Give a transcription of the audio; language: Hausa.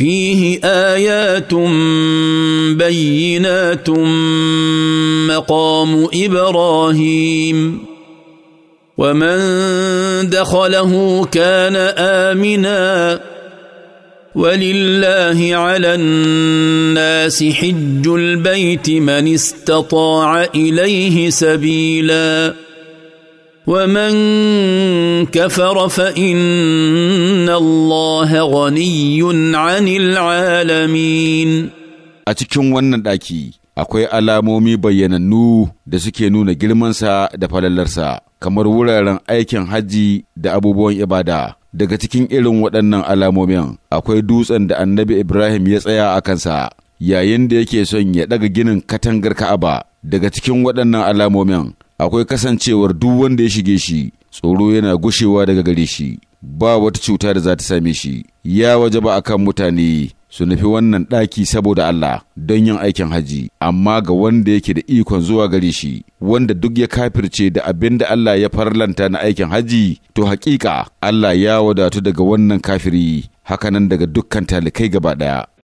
فيه ايات بينات مقام ابراهيم ومن دخله كان امنا ولله على الناس حج البيت من استطاع اليه سبيلا ومن كفر فان الله غني عن العالمين a cikin wannan ɗaki akwai alamomi bayyanannu da suke nuna girmansa da falallarsa kamar wuraren aikin hajji da abubuwan ibada daga cikin irin waɗannan alamomin akwai dutsen da annabi ibrahim ya tsaya a kansa yayin da yake son ya ɗaga ginin katangar ka'aba daga cikin waɗannan alamomin akwai kasancewar duk wanda ya shige shi tsoro yana gushewa daga gare shi ba wata cuta da za ta same shi ya waje ba akan mutane su nufi wannan ɗaki saboda Allah don yin aikin haji amma ga wanda yake da ikon zuwa gare shi wanda duk ya kafirce da abin da Allah ya farlanta na aikin haji to hakika Allah ya wadatu daga wannan kafiri hakanan daga dukkan talikai gaba ɗaya